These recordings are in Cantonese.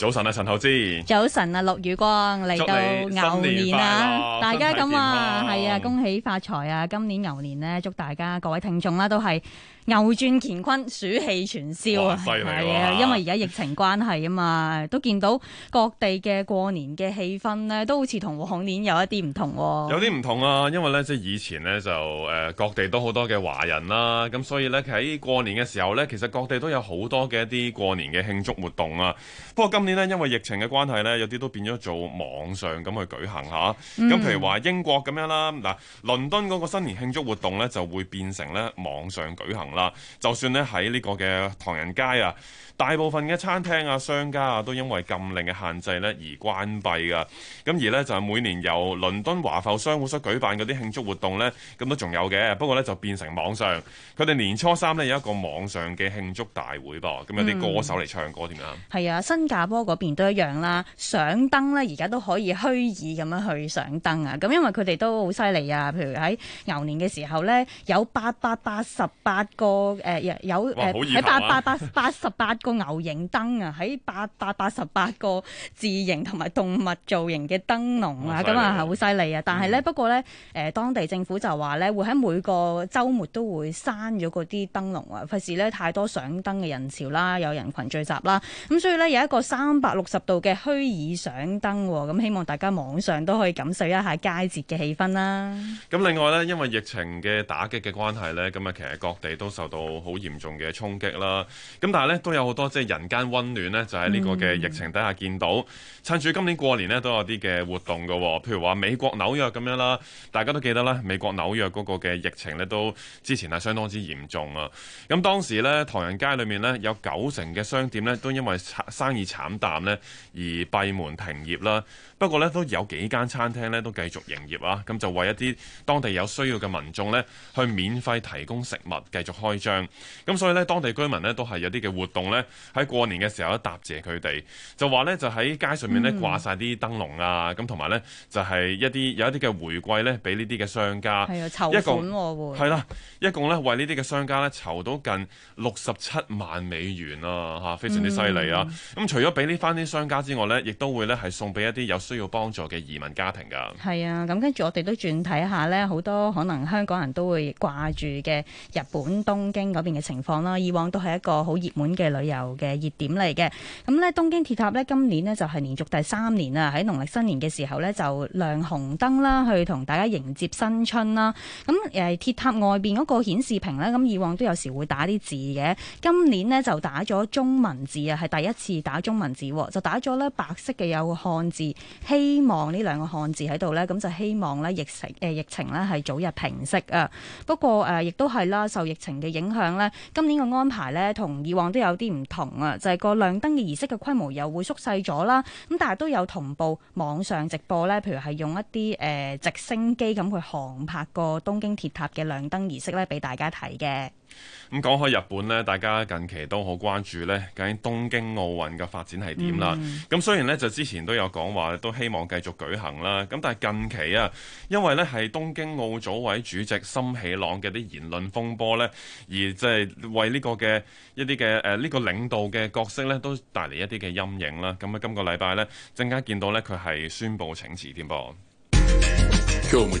早晨啊，陳浩之。早晨啊，陸雨光，嚟到牛年啊，大家咁啊，係啊，恭喜發財啊！今年牛年咧，祝大家各位聽眾啦、啊，都係。牛轉乾坤，暑氣全消啊！係啊，因為而家疫情關係啊嘛， 都見到各地嘅過年嘅氣氛呢，都好似同往年有一啲唔同、哦。有啲唔同啊，因為呢，即係以前呢，就、呃、各地都好多嘅華人啦、啊，咁所以呢，喺過年嘅時候呢，其實各地都有好多嘅一啲過年嘅慶祝活動啊。不過今年呢，因為疫情嘅關係呢，有啲都變咗做網上咁去舉行吓、啊，咁、嗯、譬如話英國咁樣啦，嗱，倫敦嗰個新年慶祝活動呢，就會變成咧網上舉行啦。啊，就算呢喺呢個嘅唐人街啊，大部分嘅餐廳啊、商家啊，都因為禁令嘅限制呢而關閉嘅。咁而呢，就係每年由倫敦華埠商會所舉辦嗰啲慶祝活動呢，咁都仲有嘅。不過呢，就變成網上，佢哋年初三呢，有一個網上嘅慶祝大會噃。咁有啲歌手嚟唱歌點樣？係、嗯、啊，新加坡嗰邊都一樣啦。上燈呢，而家都可以虛擬咁樣去上燈啊。咁因為佢哋都好犀利啊。譬如喺牛年嘅時候呢，有八百八十八個誒、呃、有誒喺八百八十八個牛形燈啊，喺八百八十八個字形同埋動物造型嘅燈籠啊，咁啊好犀利啊！但係咧、嗯、不過咧誒、呃，當地政府就話咧會喺每個週末都會閂咗嗰啲燈籠啊，費事咧太多上燈嘅人潮啦，有人群聚集啦，咁所以咧有一個三百六十度嘅虛擬上燈，啊，咁希望大家網上都可以感受一下佳節嘅氣氛啦。咁另外咧，因為疫情嘅打擊嘅關係咧，咁啊其實各地都受到好嚴重嘅衝擊啦，咁但係咧都有好多即係人間溫暖呢，就喺呢個嘅疫情底下見到。嗯、趁住今年過年呢，都有啲嘅活動嘅，譬如話美國紐約咁樣啦，大家都記得啦，美國紐約嗰個嘅疫情呢，都之前係相當之嚴重啊。咁當時呢，唐人街裏面呢，有九成嘅商店呢，都因為生意慘淡呢，而閉門停業啦。不過呢，都有幾間餐廳呢，都繼續營業啊，咁就為一啲當地有需要嘅民眾呢，去免費提供食物，繼續，開張咁，所以呢當地居民呢都係有啲嘅活動呢。喺過年嘅時候都答謝佢哋，就話呢就喺街上面呢掛晒啲燈籠啊，咁同埋呢，就係、是、一啲有一啲嘅回饋呢，俾呢啲嘅商家，係啊，籌款喎，係啦、啊，一共呢，為呢啲嘅商家呢籌到近六十七萬美元啦、啊、嚇、啊，非常之犀利啊！咁、嗯啊、除咗俾翻啲商家之外呢，亦都會呢係送俾一啲有需要幫助嘅移民家庭㗎。係啊，咁跟住我哋都轉睇下呢，好多可能香港人都會掛住嘅日本。東京嗰邊嘅情況啦，以往都係一個好熱門嘅旅遊嘅熱點嚟嘅。咁呢東京鐵塔呢，今年呢就係連續第三年啦，喺農曆新年嘅時候呢，就亮紅燈啦，去同大家迎接新春啦。咁誒鐵塔外邊嗰個顯示屏呢，咁以往都有時會打啲字嘅，今年呢，就打咗中文字啊，係第一次打中文字，就打咗呢白色嘅有個漢字，希望呢兩個漢字喺度呢，咁就希望呢疫情誒疫情呢係早日平息啊。不過誒亦都係啦，受疫情。嘅影響呢？今年嘅安排呢，同以往都有啲唔同啊，就係個亮燈嘅儀式嘅規模又會縮細咗啦。咁但係都有同步網上直播呢，譬如係用一啲誒直升機咁去航拍個東京鐵塔嘅亮燈儀式呢，俾大家睇嘅。咁講開日本呢，大家近期都好關注呢，究竟東京奧運嘅發展係點啦？咁、嗯、雖然呢，就之前都有講話，都希望繼續舉行啦。咁但係近期啊，因為呢係東京奧組委主席森喜朗嘅啲言論風波呢，而即係為呢個嘅一啲嘅誒呢個領導嘅角色呢，都帶嚟一啲嘅陰影啦。咁啊，今個禮拜呢，陣間見到呢，佢係宣布請辭添噃。今天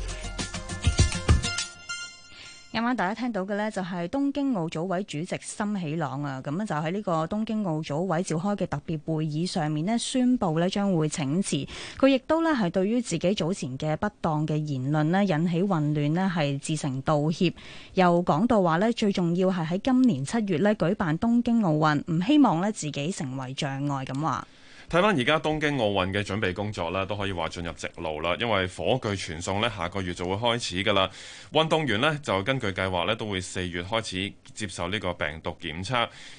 啱啱大家聽到嘅呢，就係東京奧組委主席森喜朗啊，咁就喺呢個東京奧組委召開嘅特別會議上面呢，宣布呢將會請辭。佢亦都呢係對於自己早前嘅不當嘅言論呢引起混亂呢係自成道歉。又講到話呢，最重要係喺今年七月呢舉辦東京奧運，唔希望呢自己成為障礙咁話。睇翻而家東京奧運嘅準備工作啦，都可以話進入直路啦，因為火炬傳送呢，下個月就會開始噶啦。運動員呢，就根據計劃呢，都會四月開始接受呢個病毒檢測，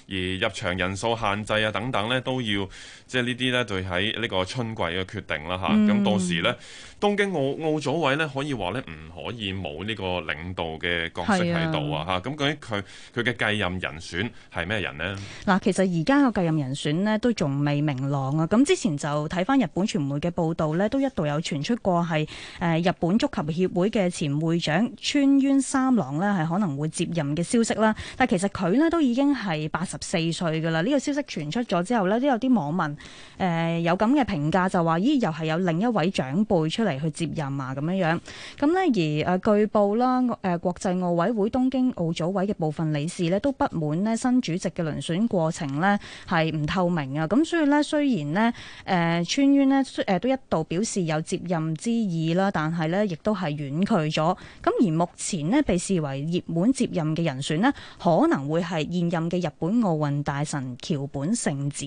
而入場人數限制啊等等呢，都要，即係呢啲呢對喺呢個春季嘅決定啦嚇。咁、嗯、到時呢，東京奧奧組委呢，可以話呢唔可以冇呢個領導嘅角色喺度啊嚇。咁究竟佢佢嘅繼任人選係咩人呢？嗱，其實而家嘅繼任人選呢，都仲未明朗啊。咁之前就睇翻日本傳媒嘅報道咧，都一度有傳出過係誒日本足球協會嘅前會長川淵三郎咧係可能會接任嘅消息啦。但係其實佢咧都已經係八十四歲噶啦。呢個消息傳出咗之後咧，都有啲網民誒有咁嘅評價，就話咦又係有另一位長輩出嚟去接任啊咁樣樣。咁咧，而誒據報啦，誒國際奧委會東京奧組委嘅部分理事咧都不滿咧新主席嘅輪選過程咧係唔透明啊。咁所以咧，雖然咧、呃，誒川淵咧，誒都一度表示有接任之意啦，但係呢亦都係婉拒咗。咁而目前呢，被視為熱門接任嘅人選呢，可能會係現任嘅日本奧運大臣橋本聖子。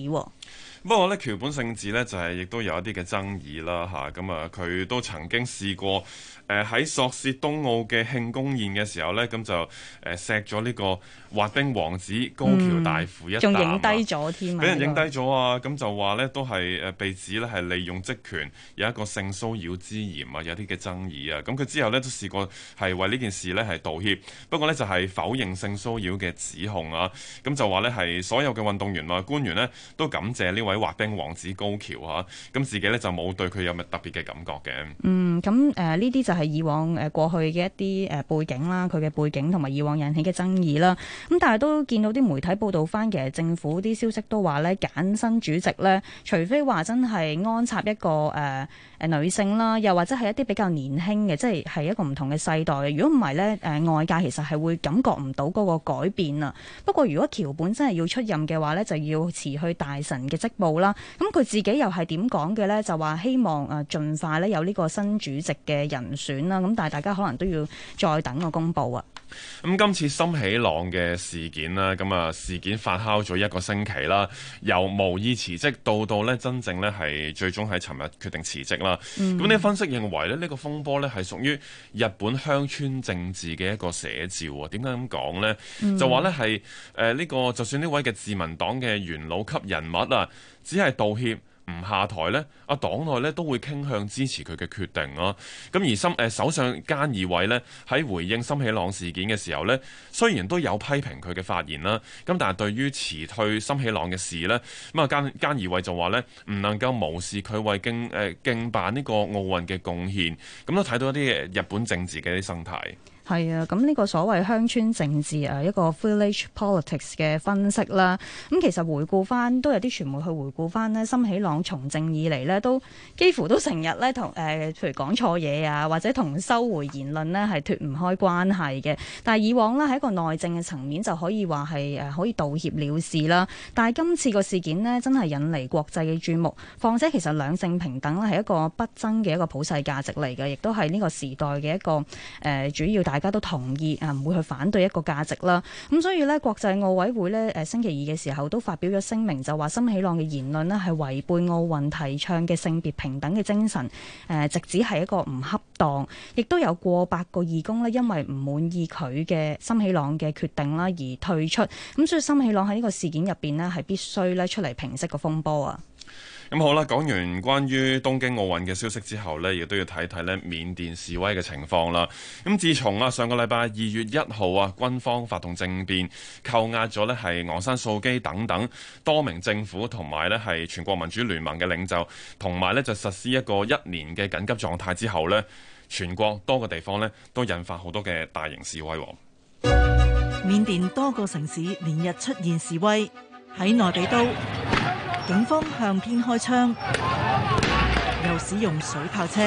不過咧，橋本聖治咧就係、是、亦都有一啲嘅爭議啦，嚇咁啊，佢、啊、都曾經試過誒喺、呃、索契冬奧嘅慶功宴嘅時候咧，咁、嗯、就誒錫咗呢個滑冰王子高橋大輔一啖，仲影低咗添啊，俾人影低咗啊，咁、啊、就話咧都係誒被指咧係利用職權有一個性騷擾之嫌啊，有啲嘅爭議啊，咁佢之後咧都試過係為呢件事咧係道歉，不過咧就係、是、否認性騷擾嘅指控啊，咁就話咧係所有嘅運動員同埋官員呢，都感謝呢位。滑冰王子高橋嚇，咁自己咧就冇對佢有乜特別嘅感覺嘅。嗯，咁、呃、呢啲就係以往、呃、過去嘅一啲、呃、背景啦，佢嘅背景同埋以往引起嘅爭議啦。咁但係都見到啲媒體報導返，其實政府啲消息都話咧，揀新主席咧，除非話真係安插一個、呃誒、呃、女性啦，又或者係一啲比較年輕嘅，即係係一個唔同嘅世代，嘅。如果唔係咧，誒外界其實係會感覺唔到嗰個改變啊。不過如果橋本真係要出任嘅話咧，就要辭去大臣嘅職務啦。咁佢自己又係點講嘅咧？就話希望誒盡快咧有呢個新主席嘅人選啦。咁但係大家可能都要再等個公布啊。咁、嗯、今次森喜朗嘅事件啦，咁啊事件發酵咗一個星期啦，由無意辭職到到咧真正咧係最終喺尋日決定辭職。啊、嗯！咁呢分析認為咧，呢個風波呢係屬於日本鄉村政治嘅一個寫照喎。點解咁講呢？就話呢係誒呢個，就算呢位嘅自民黨嘅元老級人物啊，只係道歉。唔下台呢，啊黨內呢都會傾向支持佢嘅決定咯。咁而森、呃、首相菅義偉呢，喺回應森喜朗事件嘅時候呢，雖然都有批評佢嘅發言啦，咁但係對於辭退森喜朗嘅事呢，咁啊菅菅義偉就話呢，唔能夠無視佢為競誒競辦呢、呃、個奧運嘅貢獻，咁都睇到一啲日本政治嘅啲生態。係啊，咁呢個所謂鄉村政治啊，一個 village politics 嘅分析啦。咁其實回顧翻都有啲傳媒去回顧翻呢，森喜朗從政以嚟呢，都幾乎都成日咧同誒，譬如講錯嘢啊，或者同收回言論呢係脫唔開關係嘅。但係以往呢，喺一個內政嘅層面就可以話係、呃、可以道歉了事啦。但係今次個事件呢，真係引嚟國際嘅注目，況且其實兩性平等呢係一個不爭嘅一個普世價值嚟嘅，亦都係呢個時代嘅一個、呃、主要大。大家都同意啊，唔會去反對一個價值啦。咁所以呢，國際奧委會呢，誒，星期二嘅時候都發表咗聲明就說，就話森喜朗嘅言論呢係違背奧運提倡嘅性別平等嘅精神，誒、呃，直指係一個唔恰當。亦都有過百個義工呢，因為唔滿意佢嘅森喜朗嘅決定啦而退出。咁所以森喜朗喺呢個事件入邊呢，係必須咧出嚟平息個風波啊。咁好啦，講完關於東京奧運嘅消息之後呢，亦都要睇睇呢，緬甸示威嘅情況啦。咁自從啊上個禮拜二月一號啊，軍方發動政變，扣押咗呢係昂山素基等等多名政府同埋呢係全國民主聯盟嘅領袖，同埋呢就實施一個一年嘅緊急狀態之後呢，全國多個地方呢都引發好多嘅大型示威。緬甸多個城市連日出現示威，喺內比都，警方向天開槍，又使用水炮車。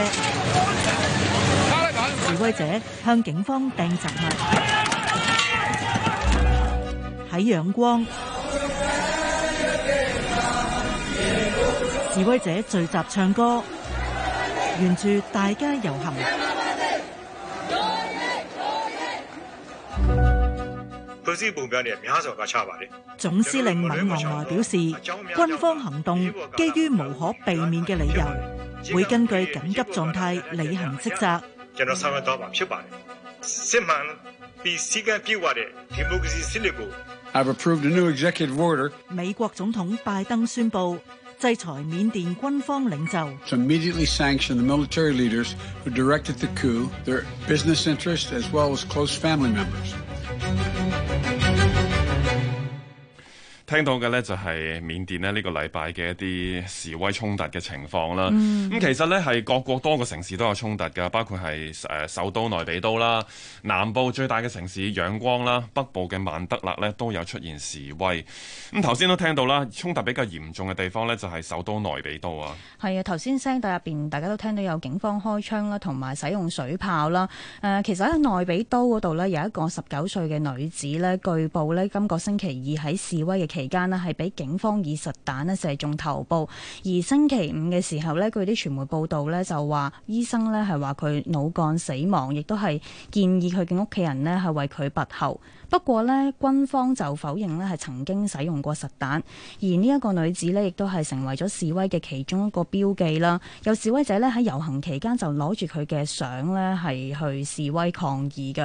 示威者向警方掟雜物。喺仰光，示威者聚集唱歌，沿住大街遊行。總司令敏昂萊表示，軍方行動基於無可避免嘅理由，會根據緊急狀態履行職責。美國總統拜登宣布制裁緬甸軍方領袖。美國總統拜登宣布制裁緬甸軍方領袖。聽到嘅呢，就係緬甸咧呢個禮拜嘅一啲示威衝突嘅情況啦。咁、嗯、其實呢，係各國多個城市都有衝突嘅，包括係誒首都內比都啦、南部最大嘅城市仰光啦、北部嘅曼德勒呢都有出現示威。咁頭先都聽到啦，衝突比較嚴重嘅地方呢，就係首都內比都啊。係啊，頭先聲帶入邊大家都聽到有警方開槍啦，同埋使用水炮啦。誒、呃，其實喺內比都嗰度呢，有一個十九歲嘅女子呢，據報呢，今個星期二喺示威嘅期間咧係俾警方以實彈咧射中頭部，而星期五嘅時候咧，據啲傳媒報道咧就話醫生咧係話佢腦幹死亡，亦都係建議佢嘅屋企人咧係為佢拔喉。不過呢軍方就否認呢係曾經使用過實彈，而呢一個女子呢亦都係成為咗示威嘅其中一個標記啦。有示威者呢喺遊行期間就攞住佢嘅相呢係去示威抗議嘅。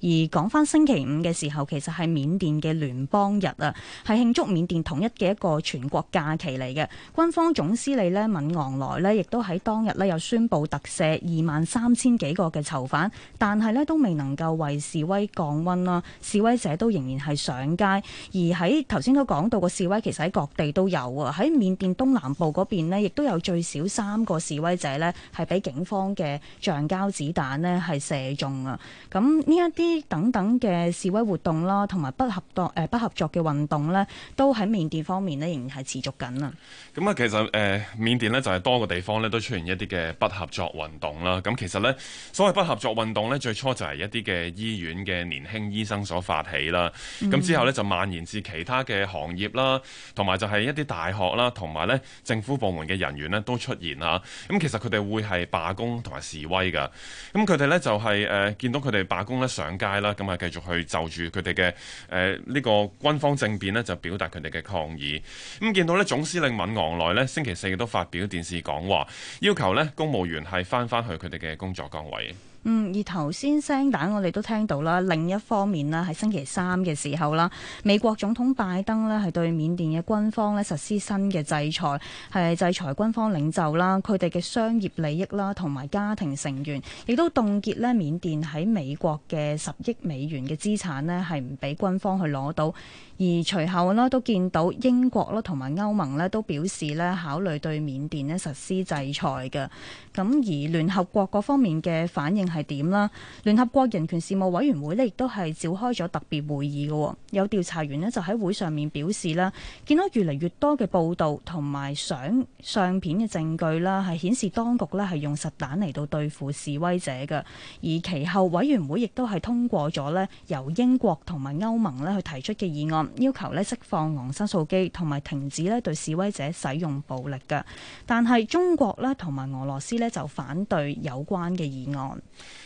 而講翻星期五嘅時候，其實係緬甸嘅聯邦日啊，係慶祝緬甸統一嘅一個全國假期嚟嘅。軍方總司令呢敏昂萊呢亦都喺當日呢又宣布特赦二萬三千幾個嘅囚犯，但係呢都未能夠為示威降溫啦。示威。示威者都仍然係上街，而喺頭先都講到個示威其實喺各地都有啊，喺緬甸東南部嗰邊咧，亦都有最少三個示威者咧，係俾警方嘅橡膠子彈咧係射中啊。咁呢一啲等等嘅示威活動啦，同埋不合作誒，不合作嘅運動咧，都喺緬甸方面咧仍然係持續緊啊。咁啊，其實誒緬甸咧就係多個地方咧都出現一啲嘅不合作運動啦。咁其實咧，所謂不合作運動咧，最初就係一啲嘅醫院嘅年輕醫生所發生。發起啦，咁之後咧就蔓延至其他嘅行業啦，同埋就係一啲大學啦，同埋咧政府部門嘅人員呢都出現啦。咁其實佢哋會係罷工同埋示威噶。咁佢哋咧就係、是、誒、呃、見到佢哋罷工咧上街啦，咁啊繼續去就住佢哋嘅誒呢個軍方政變呢，就表達佢哋嘅抗議。咁見到咧總司令敏昂萊呢，星期四亦都發表電視講話，要求呢公務員係翻翻去佢哋嘅工作崗位。嗯，而頭先聲彈我哋都聽到啦。另一方面咧，喺星期三嘅時候啦，美國總統拜登呢係對緬甸嘅軍方呢實施新嘅制裁，係制裁軍方領袖啦、佢哋嘅商業利益啦，同埋家庭成員，亦都凍結咧緬甸喺美國嘅十億美元嘅資產呢係唔俾軍方去攞到。而隨後呢都見到英國啦同埋歐盟呢都表示呢考慮對緬甸呢實施制裁嘅。咁而聯合國各方面嘅反應，係點啦？聯合國人權事務委員會咧，亦都係召開咗特別會議嘅哦。有調查員咧，就喺會上面表示啦，見到越嚟越多嘅報道同埋相相片嘅證據啦，係顯示當局咧係用實彈嚟到對付示威者嘅。而其後，委員會亦都係通過咗咧由英國同埋歐盟咧去提出嘅議案，要求咧釋放昂山素基同埋停止咧對示威者使用暴力嘅。但係中國咧同埋俄羅斯咧就反對有關嘅議案。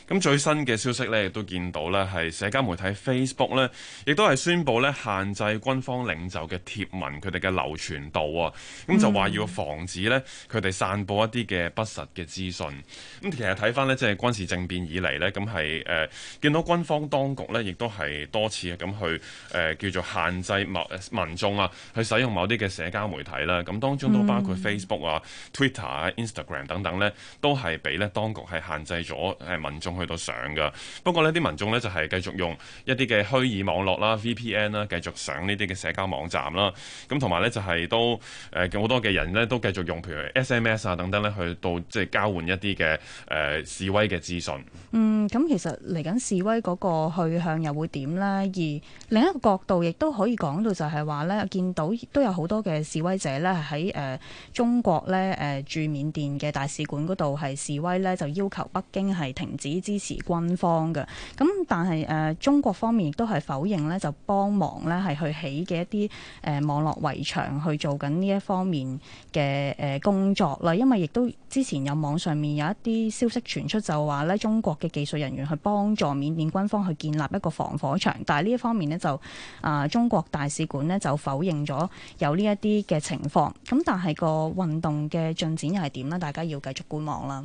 咁最新嘅消息呢，亦都見到呢係社交媒體 Facebook 呢，亦都係宣布呢限制軍方領袖嘅貼文，佢哋嘅流傳度啊，咁、嗯、就話要防止呢佢哋散佈一啲嘅不實嘅資訊。咁其實睇返呢，即、就、係、是、軍事政變以嚟呢，咁係誒見到軍方當局呢，亦都係多次咁去誒、呃、叫做限制某民眾啊去使用某啲嘅社交媒體啦、啊。咁當中都包括 Facebook 啊、Twitter 啊、Instagram 等等呢，嗯、都係俾呢當局係限制咗誒。呃民眾去到上嘅，不過呢啲民眾呢，就係、是、繼續用一啲嘅虛擬網絡啦、VPN 啦，繼續上呢啲嘅社交網站啦，咁同埋呢，就係、是、都誒好、呃、多嘅人呢，都繼續用譬如 SMS 啊等等呢，去到即係、就是、交換一啲嘅誒示威嘅資訊。嗯，咁其實嚟緊示威嗰個去向又會點呢？而另一個角度亦都可以講到就係話呢，見到都有好多嘅示威者呢，喺誒、呃、中國呢，誒、呃、駐緬甸嘅大使館嗰度係示威呢，就要求北京係停只支持軍方嘅，咁但係誒、呃、中國方面亦都係否認咧，就幫忙咧係去起嘅一啲誒、呃、網絡圍牆去做緊呢一方面嘅誒工作啦。因為亦都之前有網上面有一啲消息傳出就呢，就話咧中國嘅技術人員去幫助緬甸軍方去建立一個防火牆，但係呢一方面呢，就啊、呃、中國大使館呢就否認咗有呢一啲嘅情況。咁但係個運動嘅進展又係點呢？大家要繼續觀望啦。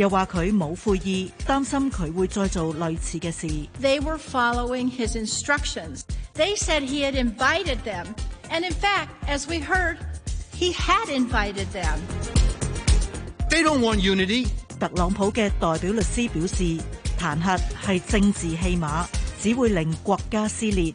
又話佢冇悔意，擔心佢會再做類似嘅事。特朗普嘅代表律師表示，彈劾係政治戲碼，只會令國家撕裂。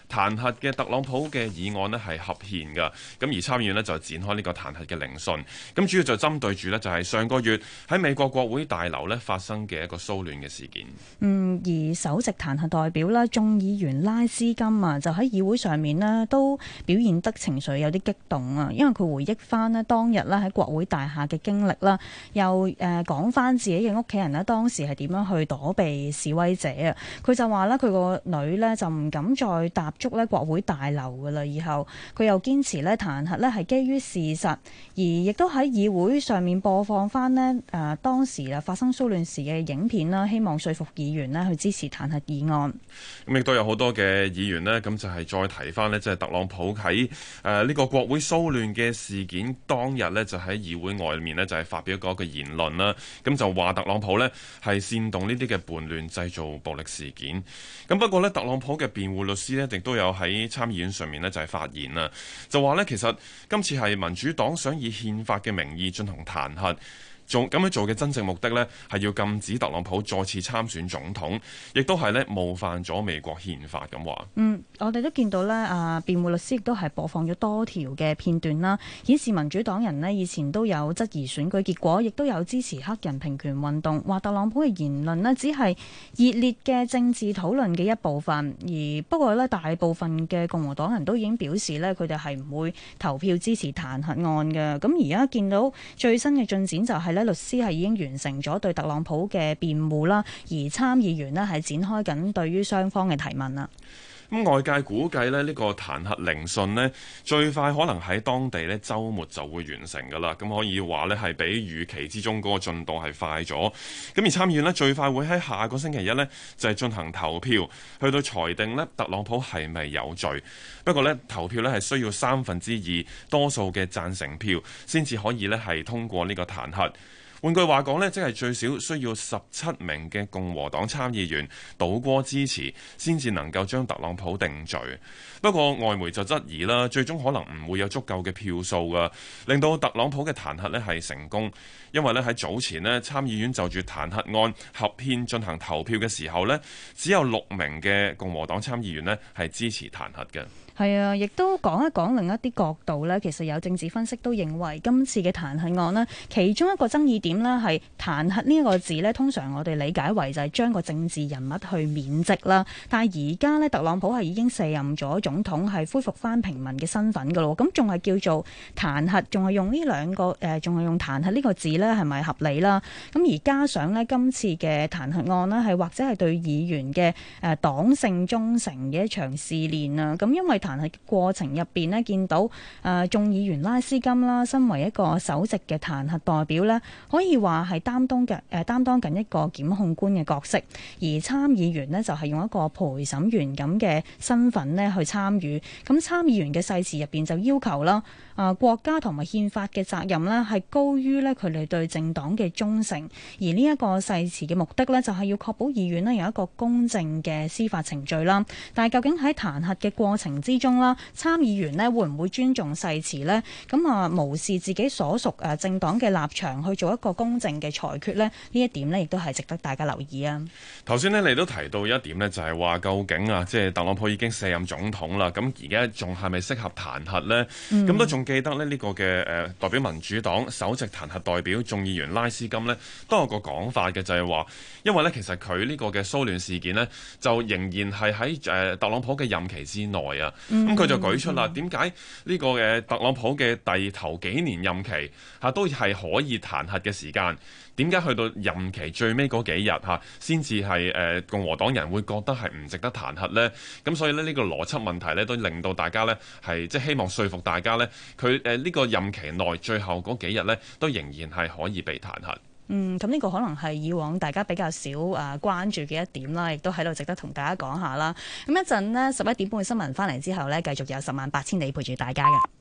彈劾嘅特朗普嘅議案呢係合憲㗎，咁而參議院呢就展開呢個彈劾嘅聆訊，咁主要就針對住呢，就係上個月喺美國國會大樓呢發生嘅一個騷亂嘅事件。嗯，而首席彈劾代表呢，眾議員拉斯金啊，就喺議會上面呢都表現得情緒有啲激動啊，因為佢回憶翻呢當日呢喺國會大廈嘅經歷啦，又誒講翻自己嘅屋企人呢當時係點樣去躲避示威者啊。佢就話呢佢個女呢就唔敢再搭。捉咧國會大樓噶啦，以後，佢又堅持咧彈劾咧係基於事實，而亦都喺議會上面播放翻咧誒當時啊發生騷亂時嘅影片啦，希望說服議員咧去支持彈劾議案。咁亦都有好多嘅議員咧，咁就係再提翻咧，即係特朗普喺誒呢個國會騷亂嘅事件當日咧，就喺議會外面咧就係發表一個嘅言論啦。咁就話特朗普咧係煽動呢啲嘅叛亂製造暴力事件。咁不過咧，特朗普嘅辯護律師咧亦都。都有喺參議院上面呢，就係發言啦，就話呢，其實今次係民主黨想以憲法嘅名義進行彈劾。咁樣做嘅真正目的呢，係要禁止特朗普再次參選總統，亦都係呢，冒犯咗美國憲法咁話。嗯，我哋都見到呢，啊辯護律師亦都係播放咗多條嘅片段啦，顯示民主黨人呢，以前都有質疑選舉結果，亦都有支持黑人平權運動，話特朗普嘅言論呢，只係熱烈嘅政治討論嘅一部分。而不過呢，大部分嘅共和黨人都已經表示呢，佢哋係唔會投票支持彈劾案嘅。咁而家見到最新嘅進展就係呢。律師係已經完成咗對特朗普嘅辯護啦，而參議員呢係展開緊對於雙方嘅提問啦。咁外界估計呢呢個彈劾聆訊呢，最快可能喺當地呢週末就會完成㗎喇。咁可以話呢係比預期之中嗰個進度係快咗。咁而參議院呢，最快會喺下個星期一呢，就係進行投票，去到裁定呢特朗普係咪有罪，不過呢，投票呢係需要三分之二多數嘅贊成票，先至可以呢係通過呢個彈劾。換句話講呢，即係最少需要十七名嘅共和黨參議員倒戈支持，先至能夠將特朗普定罪。不過，外媒就質疑啦，最終可能唔會有足夠嘅票數噶，令到特朗普嘅彈劾咧係成功。因為咧，喺早前咧，參議院就住彈劾案合憲進行投票嘅時候呢，只有六名嘅共和黨參議員咧係支持彈劾嘅。係啊，亦都講一講另一啲角度咧。其實有政治分析都認為，今次嘅彈劾案呢，其中一個爭議點呢係彈劾呢個字呢，通常我哋理解為就係將個政治人物去免職啦。但係而家呢，特朗普係已經卸任咗總統，係恢復翻平民嘅身份噶咯。咁仲係叫做彈劾，仲係用呢兩個誒、呃，仲係用彈劾呢個字呢，係咪合理啦？咁而加上呢，今次嘅彈劾案呢，係或者係對議員嘅誒、呃、黨性忠誠嘅一場試煉啊。咁因為彈劾嘅過程入邊呢，見到誒、呃、眾議員拉斯金啦，身為一個首席嘅彈劾代表呢，可以話係擔當緊誒、呃、擔當緊一個檢控官嘅角色；而參議員呢，就係、是、用一個陪審員咁嘅身份呢去參與。咁參議員嘅誓詞入邊就要求啦，誒、呃、國家同埋憲法嘅責任呢係高於呢佢哋對政黨嘅忠誠。而呢一個誓詞嘅目的呢，就係、是、要確保議院呢有一個公正嘅司法程序啦。但係究竟喺彈劾嘅過程之中啦，參議員咧會唔會尊重誓詞呢？咁啊，無視自己所屬誒政黨嘅立場去做一個公正嘅裁決呢，呢一點呢亦都係值得大家留意啊！頭先呢，你都提到一點呢，就係話究竟啊，即係特朗普已經卸任總統啦，咁而家仲係咪適合彈劾呢？咁都仲記得咧，呢個嘅誒代表民主黨首席彈劾代表眾議員拉斯金呢，都有個講法嘅，就係話因為呢，其實佢呢個嘅騷亂事件呢，就仍然係喺誒特朗普嘅任期之內啊。咁、嗯、佢就舉出啦，點解呢個特朗普嘅第頭幾年任期、啊、都係可以彈劾嘅時間？點解去到任期最尾嗰幾日先至係共和黨人會覺得係唔值得彈劾呢？咁所以呢呢、呢個邏輯問題呢都令到大家呢，係即係希望說服大家呢，佢呢、呃呢個任期內最後嗰幾日呢，都仍然係可以被彈劾。嗯，咁呢個可能係以往大家比較少誒、呃、關注嘅一點啦，亦都喺度值得同大家講下啦。咁一陣呢，十一點半嘅新聞翻嚟之後呢，繼續有十萬八千里陪住大家嘅。